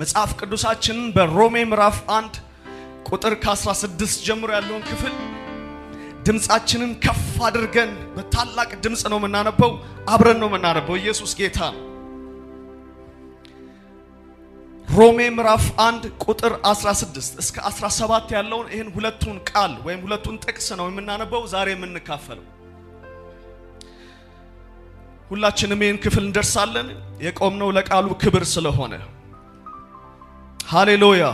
መጽሐፍ ቅዱሳችንን በሮሜ ምዕራፍ አንድ ቁጥር ከ16 ጀምሮ ያለውን ክፍል ድምፃችንን ከፍ አድርገን በታላቅ ድምፅ ነው የምናነበው፣ አብረን ነው የምናነበው። ኢየሱስ ጌታ። ሮሜ ምዕራፍ አንድ ቁጥር 16 እስከ 17 ያለውን ይህን ሁለቱን ቃል ወይም ሁለቱን ጥቅስ ነው የምናነበው ዛሬ የምንካፈለው። ሁላችንም ይህን ክፍል እንደርሳለን። የቆምነው ለቃሉ ክብር ስለሆነ ሃሌሉያ።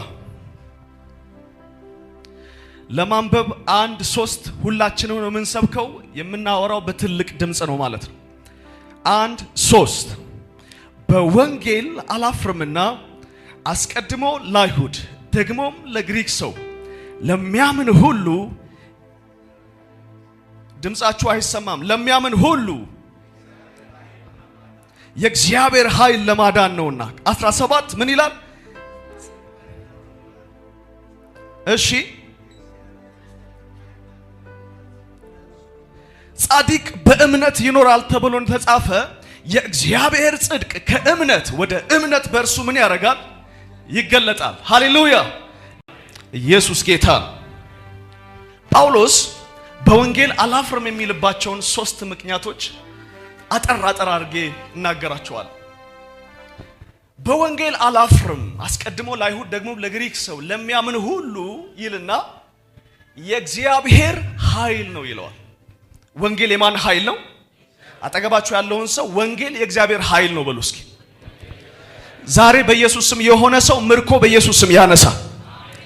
ለማንበብ አንድ ሶስት ሁላችንም ነው የምንሰብከው፣ የምናወራው በትልቅ ድምፅ ነው ማለት ነው። አንድ ሶስት በወንጌል አላፍርምና አስቀድሞ ለአይሁድ ደግሞም ለግሪክ ሰው ለሚያምን ሁሉ ድምፃችሁ አይሰማም። ለሚያምን ሁሉ የእግዚአብሔር ኃይል ለማዳን ነውና 17 ምን ይላል? እሺ ጻድቅ በእምነት ይኖራል ተብሎ እንደተጻፈ የእግዚአብሔር ጽድቅ ከእምነት ወደ እምነት በእርሱ ምን ያደርጋል? ይገለጣል። ሃሌሉያ! ኢየሱስ ጌታ። ጳውሎስ በወንጌል አላፍርም የሚልባቸውን ሶስት ምክንያቶች አጠር አጠር አድርጌ እናገራቸዋል። በወንጌል አላፍርም። አስቀድሞ ለአይሁድ ደግሞ ለግሪክ ሰው ለሚያምን ሁሉ ይልና የእግዚአብሔር ኃይል ነው ይለዋል። ወንጌል የማን ኃይል ነው? አጠገባችሁ ያለውን ሰው ወንጌል የእግዚአብሔር ኃይል ነው በሉ እስኪ። ዛሬ በኢየሱስ ስም የሆነ ሰው ምርኮ በኢየሱስ ስም ያነሳ።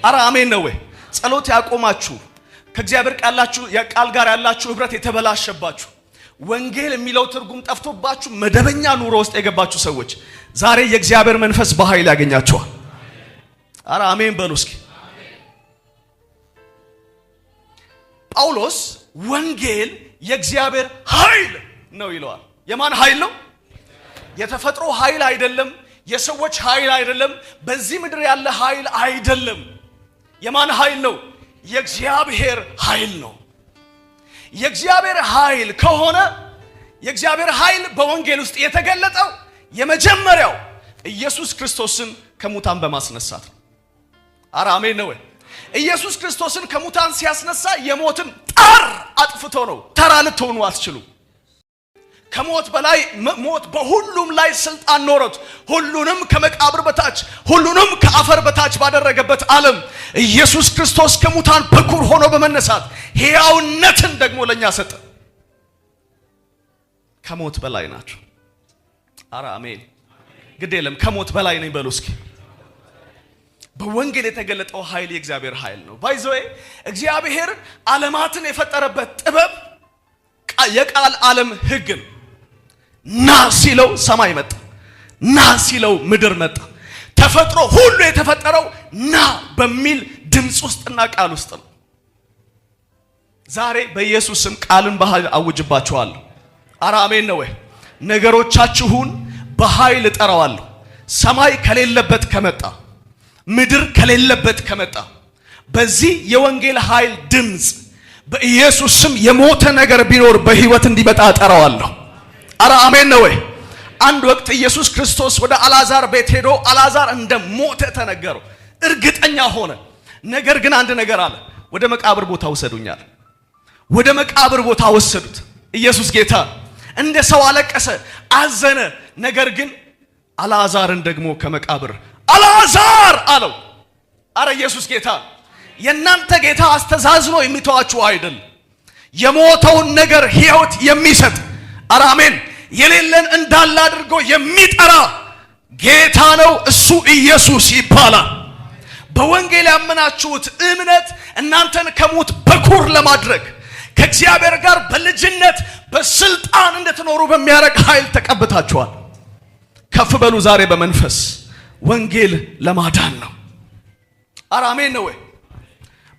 አረ አሜን ነው ወይ? ጸሎት ያቆማችሁ ከእግዚአብሔር ቃል ጋር ያላችሁ ህብረት የተበላሸባችሁ ወንጌል የሚለው ትርጉም ጠፍቶባችሁ መደበኛ ኑሮ ውስጥ የገባችሁ ሰዎች ዛሬ የእግዚአብሔር መንፈስ በኃይል ያገኛችኋል። አረ አሜን በሉ እስኪ። ጳውሎስ ወንጌል የእግዚአብሔር ኃይል ነው ይለዋል። የማን ኃይል ነው? የተፈጥሮ ኃይል አይደለም። የሰዎች ኃይል አይደለም። በዚህ ምድር ያለ ኃይል አይደለም። የማን ኃይል ነው? የእግዚአብሔር ኃይል ነው። የእግዚአብሔር ኃይል ከሆነ የእግዚአብሔር ኃይል በወንጌል ውስጥ የተገለጠው የመጀመሪያው ኢየሱስ ክርስቶስን ከሙታን በማስነሳት ነው። ኧረ አሜን ነው። ኢየሱስ ክርስቶስን ከሙታን ሲያስነሳ የሞትን ጣር አጥፍቶ ነው። ተራ ልትሆኑ አትችሉም። ከሞት በላይ ሞት በሁሉም ላይ ስልጣን ኖሮት ሁሉንም ከመቃብር በታች ሁሉንም ከአፈር በታች ባደረገበት ዓለም ኢየሱስ ክርስቶስ ከሙታን በኩር ሆኖ በመነሳት ሕያውነትን ደግሞ ለእኛ ሰጠ። ከሞት በላይ ናቸው። አረ አሜን። ግድ የለም ከሞት በላይ ነኝ በሉ እስኪ። በወንጌል የተገለጠው ኃይል የእግዚአብሔር ኃይል ነው። ባይዘወይ እግዚአብሔር ዓለማትን የፈጠረበት ጥበብ የቃል ዓለም ህግ ነው። ና ሲለው ሰማይ መጣ። ና ሲለው ምድር መጣ። ተፈጥሮ ሁሉ የተፈጠረው ና በሚል ድምፅ ውስጥና ቃል ውስጥ ነው። ዛሬ በኢየሱስ ስም ቃልን በኃይል አውጅባችኋለሁ። ኧረ አሜን ነው ወይ? ነገሮቻችሁን በኃይል እጠራዋለሁ። ሰማይ ከሌለበት ከመጣ ምድር ከሌለበት ከመጣ በዚህ የወንጌል ኃይል ድምፅ በኢየሱስ ስም የሞተ ነገር ቢኖር በሕይወት እንዲመጣ እጠራዋለሁ። አረ አሜን ነው ወይ? አንድ ወቅት ኢየሱስ ክርስቶስ ወደ አላዛር ቤት ሄዶ አላዛር እንደ ሞተ ተነገረው። እርግጠኛ ሆነ። ነገር ግን አንድ ነገር አለ። ወደ መቃብር ቦታ ውሰዱኛል። ወደ መቃብር ቦታ ወሰዱት። ኢየሱስ ጌታ እንደ ሰው አለቀሰ፣ አዘነ። ነገር ግን አላዛርን ደግሞ ከመቃብር አላዛር አለው። አረ ኢየሱስ ጌታ የእናንተ ጌታ አስተዛዝኖ የሚተዋችሁ አይደል፣ የሞተውን ነገር ሕይወት የሚሰጥ አረ አሜን። የሌለን እንዳለ አድርጎ የሚጠራ ጌታ ነው። እሱ ኢየሱስ ይባላል። በወንጌል ያመናችሁት እምነት እናንተን ከሙት በኩር ለማድረግ ከእግዚአብሔር ጋር በልጅነት በስልጣን እንድትኖሩ በሚያደርግ ኃይል ተቀብታችኋል። ከፍ በሉ ዛሬ በመንፈስ ወንጌል ለማዳን ነው። አረ አሜን ነው ወይ?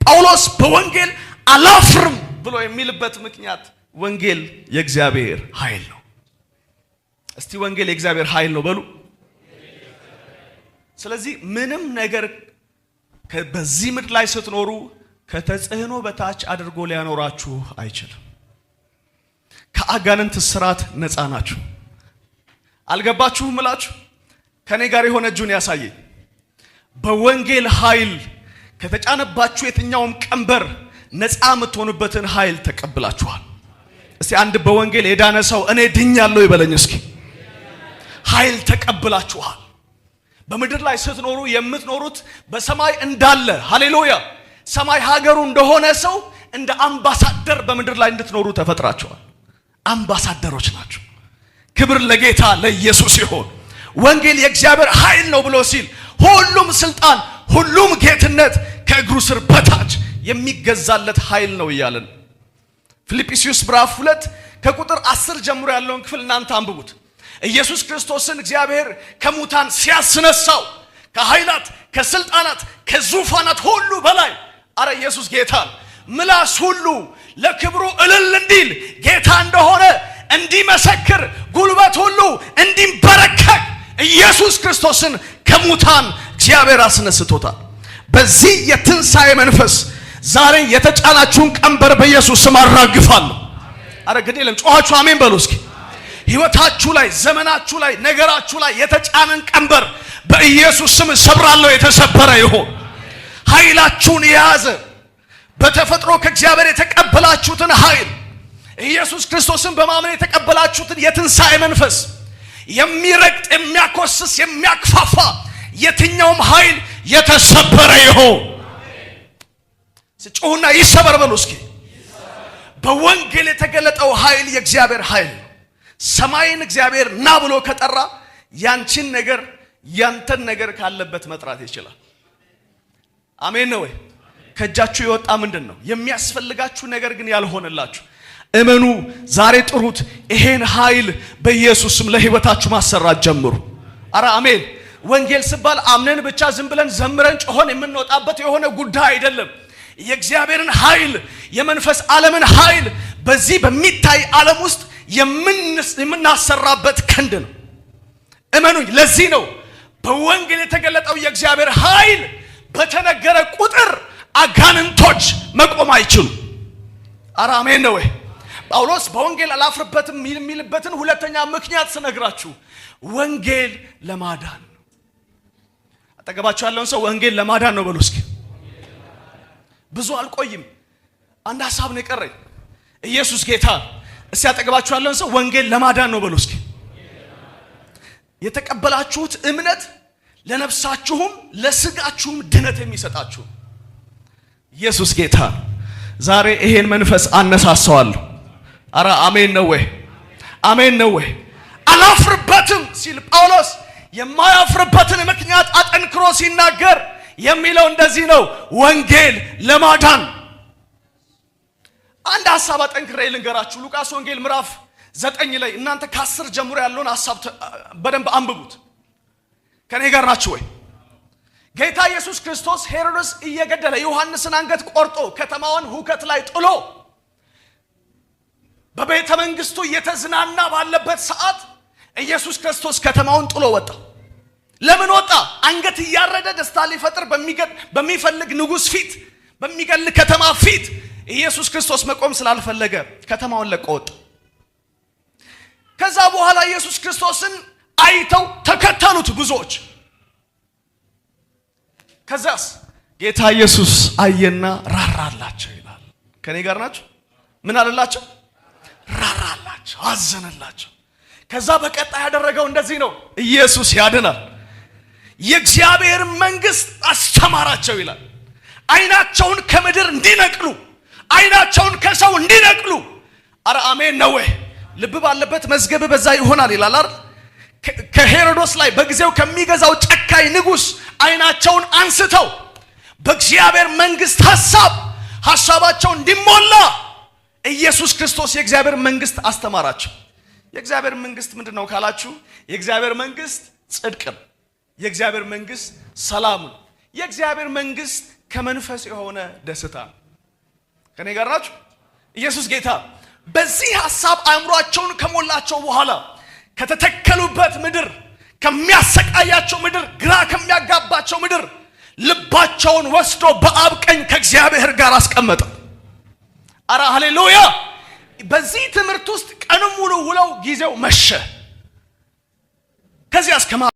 ጳውሎስ በወንጌል አላፍርም ብሎ የሚልበት ምክንያት ወንጌል የእግዚአብሔር ኃይል ነው። እስቲ ወንጌል የእግዚአብሔር ኃይል ነው በሉ። ስለዚህ ምንም ነገር በዚህ ምድር ላይ ስትኖሩ ከተጽዕኖ በታች አድርጎ ሊያኖራችሁ አይችልም። ከአጋንንት ስራት ነፃ ናችሁ። አልገባችሁም እላችሁ ከኔ ጋር የሆነ እጁን ያሳየ በወንጌል ኃይል ከተጫነባችሁ የትኛውም ቀንበር ነፃ የምትሆኑበትን ኃይል ተቀብላችኋል። እስቲ አንድ በወንጌል የዳነ ሰው እኔ ድኛለሁ ይበለኝ እስኪ። ኃይል ተቀብላችኋል። በምድር ላይ ስትኖሩ የምትኖሩት በሰማይ እንዳለ ሃሌሉያ፣ ሰማይ ሀገሩ እንደሆነ ሰው እንደ አምባሳደር በምድር ላይ እንድትኖሩ ተፈጥራችኋል። አምባሳደሮች ናቸው። ክብር ለጌታ ለኢየሱስ ይሆን። ወንጌል የእግዚአብሔር ኃይል ነው ብሎ ሲል ሁሉም ስልጣን፣ ሁሉም ጌትነት ከእግሩ ስር በታች የሚገዛለት ኃይል ነው እያለን ፊልጵስዩስ ምዕራፍ ሁለት ከቁጥር አስር ጀምሮ ያለውን ክፍል እናንተ አንብቡት። ኢየሱስ ክርስቶስን እግዚአብሔር ከሙታን ሲያስነሳው ከኃይላት፣ ከስልጣናት፣ ከዙፋናት ሁሉ በላይ አረ ኢየሱስ ጌታ ምላስ ሁሉ ለክብሩ እልል እንዲል ጌታ እንደሆነ እንዲመሰክር ጉልበት ሁሉ እንዲንበረከክ ኢየሱስ ክርስቶስን ከሙታን እግዚአብሔር አስነስቶታል። በዚህ የትንሣኤ መንፈስ ዛሬ የተጫናችሁን ቀንበር በኢየሱስ ስም አራግፋለሁ። አረ ግድ የለም ጮኋችሁ አሜን በሉ እስኪ። ህይወታችሁ ላይ፣ ዘመናችሁ ላይ፣ ነገራችሁ ላይ የተጫነን ቀንበር በኢየሱስ ስም ሰብራለሁ። የተሰበረ ይሆን ኃይላችሁን የያዘ በተፈጥሮ ከእግዚአብሔር የተቀበላችሁትን ኃይል ኢየሱስ ክርስቶስን በማመን የተቀበላችሁትን የትንሣኤ መንፈስ የሚረግጥ የሚያኮስስ የሚያክፋፋ የትኛውም ኃይል የተሰበረ ይሆን ጮሁና ይሰበርበሉ እስኪ። በወንጌል የተገለጠው ኃይል የእግዚአብሔር ኃይል ነው። ሰማይን እግዚአብሔር ና ብሎ ከጠራ ያንቺን ነገር ያንተን ነገር ካለበት መጥራት ይችላል። አሜን ነው ወይ? ከእጃችሁ የወጣ ምንድን ነው? የሚያስፈልጋችሁ ነገር ግን ያልሆነላችሁ እመኑ። ዛሬ ጥሩት። ይሄን ኃይል በኢየሱስም ለህይወታችሁ ማሰራት ጀምሩ። አረ አሜን። ወንጌል ሲባል አምነን ብቻ ዝም ብለን ዘምረን ጮሆን የምንወጣበት የሆነ ጉዳይ አይደለም። የእግዚአብሔርን ኃይል የመንፈስ ዓለምን ኃይል በዚህ በሚታይ ዓለም ውስጥ የምናሰራበት ክንድ ነው። እመኑኝ። ለዚህ ነው በወንጌል የተገለጠው የእግዚአብሔር ኃይል በተነገረ ቁጥር አጋንንቶች መቆም አይችሉ። አራሜን ነው ወይ? ጳውሎስ በወንጌል አላፍርበትም የሚልበትን ሁለተኛ ምክንያት ስነግራችሁ ወንጌል ለማዳን ነው። አጠገባችሁ ያለውን ሰው ወንጌል ለማዳን ነው በሉ እስኪ ብዙ አልቆይም። አንድ ሀሳብ ነው የቀረኝ። ኢየሱስ ጌታ። እስቲ ያጠገባችሁ ያለን ሰው ወንጌል ለማዳን ነው በሉ እስኪ። የተቀበላችሁት እምነት ለነፍሳችሁም ለስጋችሁም ድነት የሚሰጣችሁ ኢየሱስ ጌታ። ዛሬ ይሄን መንፈስ አነሳሳዋለሁ። አረ አሜን ነው ወይ? አሜን ነው ወይ? አላፍርበትም ሲል ጳውሎስ የማያፍርበትን ምክንያት አጠንክሮ ሲናገር የሚለው እንደዚህ ነው፣ ወንጌል ለማዳን አንድ ሀሳብ አጠንክሬ ልንገራችሁ። ሉቃስ ወንጌል ምዕራፍ ዘጠኝ ላይ እናንተ ከአስር ጀምሮ ያለውን ሀሳብ በደንብ አንብቡት። ከኔ ጋር ናችሁ ወይ? ጌታ ኢየሱስ ክርስቶስ ሄሮድስ እየገደለ ዮሐንስን አንገት ቆርጦ ከተማዋን ሁከት ላይ ጥሎ በቤተ መንግስቱ እየተዝናና ባለበት ሰዓት ኢየሱስ ክርስቶስ ከተማውን ጥሎ ወጣ። ለምን ወጣ? አንገት እያረደ ደስታ ሊፈጥር በሚፈልግ ንጉሥ ፊት፣ በሚገል ከተማ ፊት ኢየሱስ ክርስቶስ መቆም ስላልፈለገ ከተማውን ለቆ ወጣ። ከዛ በኋላ ኢየሱስ ክርስቶስን አይተው ተከተሉት ብዙዎች። ከዛስ ጌታ ኢየሱስ አየና ራራላቸው ይላል። ከኔ ጋር ናቸው። ምን አለላቸው? ራራላቸው፣ አዘነላቸው። ከዛ በቀጣይ ያደረገው እንደዚህ ነው። ኢየሱስ ያድናል። የእግዚአብሔር መንግስት አስተማራቸው ይላል። አይናቸውን ከምድር እንዲነቅሉ፣ አይናቸውን ከሰው እንዲነቅሉ። አረ አሜን ነው። ልብ ባለበት መዝገብ በዛ ይሆናል ይላል አይደል? ከሄሮዶስ ላይ በጊዜው ከሚገዛው ጨካኝ ንጉስ አይናቸውን አንስተው በእግዚአብሔር መንግስት ሐሳብ ሐሳባቸው እንዲሞላ ኢየሱስ ክርስቶስ የእግዚአብሔር መንግስት አስተማራቸው። የእግዚአብሔር መንግስት ምንድን ነው ካላችሁ፣ የእግዚአብሔር መንግስት ጽድቅ ነው። የእግዚአብሔር መንግስት ሰላም ነው። የእግዚአብሔር መንግስት ከመንፈስ የሆነ ደስታ ነው። ከኔ ጋር ናችሁ? ኢየሱስ ጌታ በዚህ ሐሳብ አእምሯቸውን ከሞላቸው በኋላ ከተተከሉበት ምድር ከሚያሰቃያቸው ምድር ግራ ከሚያጋባቸው ምድር ልባቸውን ወስዶ በአብ ቀኝ ከእግዚአብሔር ጋር አስቀመጠ። አረ ሃሌሉያ! በዚህ ትምህርት ውስጥ ቀንም ሙሉ ውለው ጊዜው መሸ። ከዚያስ